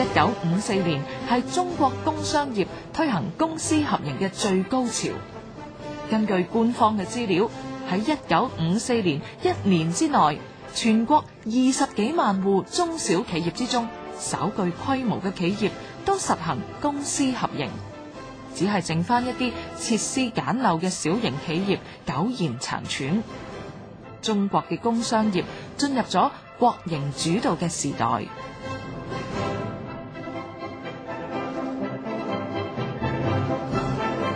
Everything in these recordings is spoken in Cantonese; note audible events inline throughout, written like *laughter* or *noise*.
一九五四年係中國工商業推行公私合營嘅最高潮。根據官方嘅資料，喺一九五四年一年之內，全國二十幾萬戶中小企業之中，稍具規模嘅企業都實行公私合營，只係剩翻一啲設施簡陋嘅小型企業苟延殘喘。中國嘅工商業進入咗國營主導嘅時代。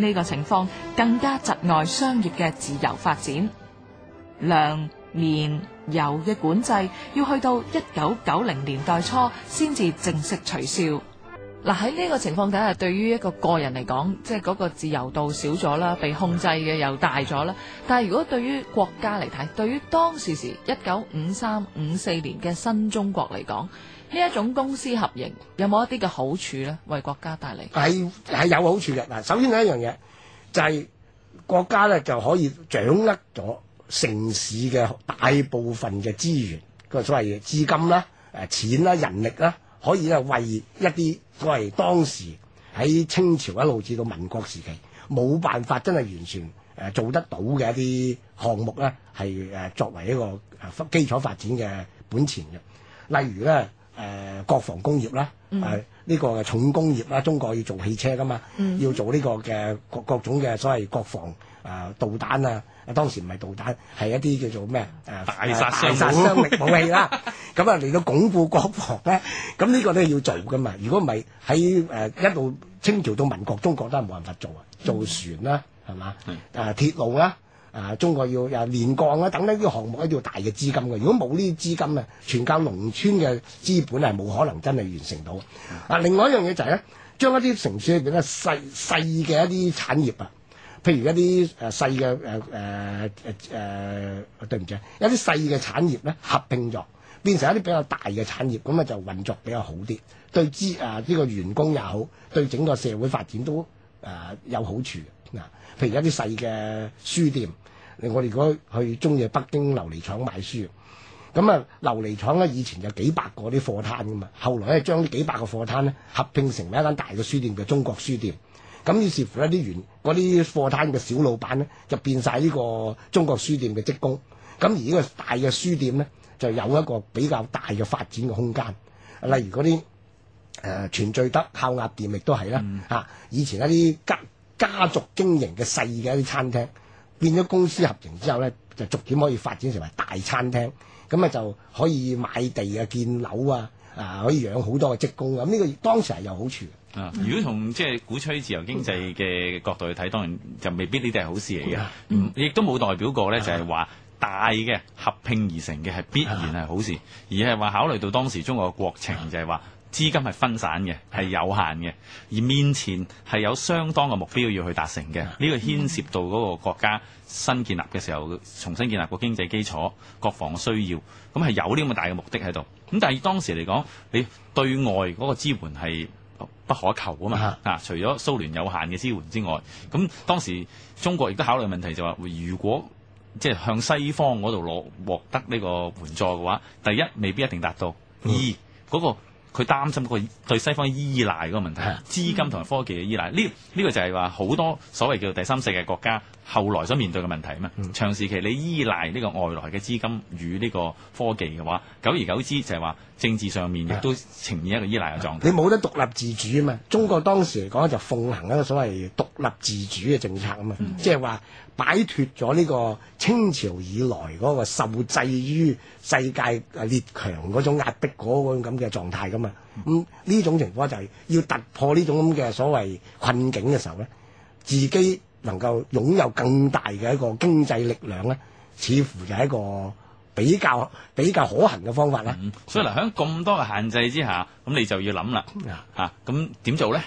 呢個情況更加窒礙商業嘅自由發展，糧、棉、油嘅管制要去到一九九零年代初先至正式取消。嗱，喺呢個情況底下，對於一個個人嚟講，即係嗰個自由度少咗啦，被控制嘅又大咗啦。但係如果對於國家嚟睇，對於當時時一九五三五四年嘅新中國嚟講，呢一種公私合營有冇一啲嘅好處咧？為國家帶嚟係係有好處嘅嗱。首先第一樣嘢就係、是、國家咧就可以掌握咗城市嘅大部分嘅資源，個所謂嘅資金啦、誒錢啦、人力啦。可以咧為一啲我係當時喺清朝一路至到民國時期冇辦法真係完全誒做得到嘅一啲項目咧，係誒作為一個誒基礎發展嘅本錢嘅，例如咧。誒、呃、國防工業啦，誒、呃、呢、這個重工業啦，中國要做汽車噶嘛，嗯、要做呢個嘅各各種嘅所謂國防誒、呃、導彈啊，當時唔係導彈，係一啲叫做咩誒、呃、大殺傷力武器啦，咁、呃、 *laughs* 啊嚟到鞏固國防咧，咁呢個都係要做噶嘛，如果唔係喺誒一路清朝到民國，中國都係冇辦法做啊，做船啦、啊，係嘛、嗯，誒、呃、鐵路啦、啊。啊！中國要又、啊、連降啊，等等啲項目一定要大嘅資金嘅。如果冇呢啲資金咧，全靠農村嘅資本係冇可能真係完成到。嗯、啊，另外一樣嘢就係、是、咧，將一啲城市裏邊嘅細細嘅一啲產業啊，譬如一啲誒細嘅誒誒誒，對唔住，一啲細嘅產業咧合併咗變成一啲比較大嘅產業，咁咧就運作比較好啲，對資啊呢、呢個員工也好，對整個社會發展都。誒、呃、有好處嗱，譬如一啲細嘅書店，我哋如果去中意北京琉璃廠買書，咁啊琉璃廠咧以前有幾百個啲貨攤噶嘛，後來咧將啲幾百個貨攤咧合併成為一間大嘅書店嘅中國書店，咁於是乎呢啲原啲貨攤嘅小老闆咧就變晒呢個中國書店嘅職工，咁而呢個大嘅書店呢，就有一個比較大嘅發展嘅空間，例如嗰啲。誒全聚德、烤鴨店亦都係啦，嚇！以前一啲家家族經營嘅細嘅一啲餐廳，變咗公司合營之後咧，就逐漸可以發展成為大餐廳，咁啊就可以買地啊、建樓啊，啊可以養好多嘅職工。咁呢個當時係有好處啊，如果從即係鼓吹自由經濟嘅角度去睇，當然就未必呢啲係好事嚟嘅。嗯，亦都冇代表過咧，就係話大嘅合併而成嘅係必然係好事，而係話考慮到當時中國嘅國情就係話。資金係分散嘅，係有限嘅，而面前係有相當嘅目標要去達成嘅。呢個牽涉到嗰個國家新建立嘅時候，重新建立個經濟基礎、國防需要，咁係有呢咁嘅大嘅目的喺度。咁但係當時嚟講，你對外嗰個支援係不可求啊嘛。嚇，除咗蘇聯有限嘅支援之外，咁當時中國亦都考慮問題就話：如果即係向西方嗰度攞獲得呢個援助嘅話，第一未必一定達到，二嗰個。佢擔心個對西方依賴個問題，資金同埋科技嘅依賴呢，呢個就係話好多所謂叫做第三世界國家後來所面對嘅問題嘛，長時期你依賴呢個外來嘅資金與呢個科技嘅話，久而久之就係話政治上面亦都呈現一個依賴嘅狀態，你冇得獨立自主啊嘛！中國當時嚟講就奉行一個所謂獨立自主嘅政策啊嘛，嗯、即係話擺脫咗呢個清朝以來個受制於世界列強種壓迫嗰咁嘅狀態。咁啊，咁呢、嗯、種情況就係要突破呢種咁嘅所謂困境嘅時候咧，自己能夠擁有更大嘅一個經濟力量咧，似乎就係一個比較比較可行嘅方法咧、嗯。所以嚟喺咁多嘅限制之下，咁你就要諗啦，吓咁點做咧？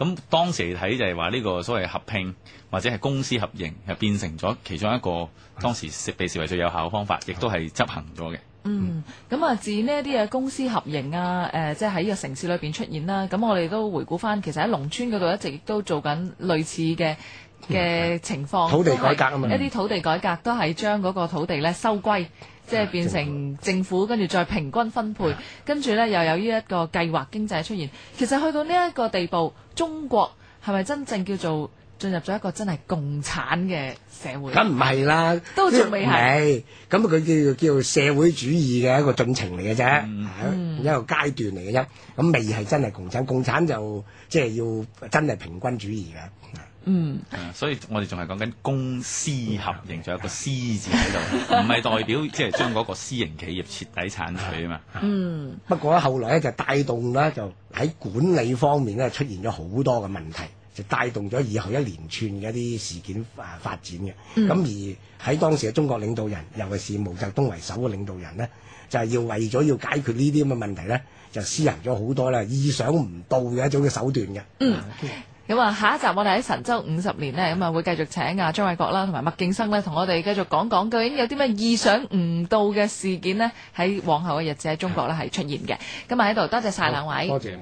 咁當時睇就係話呢個所謂合拼或者係公私合營，就變成咗其中一個當時被視為最有效嘅方法，亦都係執行咗嘅。嗯，咁啊，自呢一啲嘅公私合營啊，誒、呃，即係喺呢個城市裏邊出現啦。咁我哋都回顧翻，其實喺農村嗰度一直都做緊類似嘅嘅情況、嗯，土地改革啊嘛，一啲土地改革都係將嗰個土地咧收歸，即係變成政府跟住、嗯、再平均分配，跟住咧又有呢一個計劃經濟出現。其實去到呢一個地步，中國係咪真正叫做？進入咗一個真係共產嘅社會，咁唔係啦，都仲未係。咁佢叫叫社會主義嘅一個進程嚟嘅啫，嗯、一個階段嚟嘅啫。咁未係真係共產，共產就即係、就係、要真係平均主義嘅。嗯， *laughs* 所以我哋仲係講緊公私合營，仲 *laughs* 有一個，個私字喺度，唔係代表即係將嗰個私營企業徹底鏟除啊嘛。嗯， *laughs* 不過後來咧就帶動咧就喺管理方面咧出現咗好多嘅問題。就帶動咗以後一連串嘅一啲事件啊發展嘅，咁、嗯、而喺當時嘅中國領導人，尤其是毛澤東為首嘅領導人呢，就係、是、要為咗要解決呢啲咁嘅問題呢，就施行咗好多咧意想唔到嘅一種嘅手段嘅。嗯，咁啊、嗯嗯、下一集我哋喺神州五十年呢，咁啊的會繼續請啊張衛國啦，同埋麥敬生呢，同我哋繼續講講究竟有啲咩意想唔到嘅事件呢。喺往後嘅日子喺中國呢係的的出現嘅。今日喺度多謝晒兩位，多謝。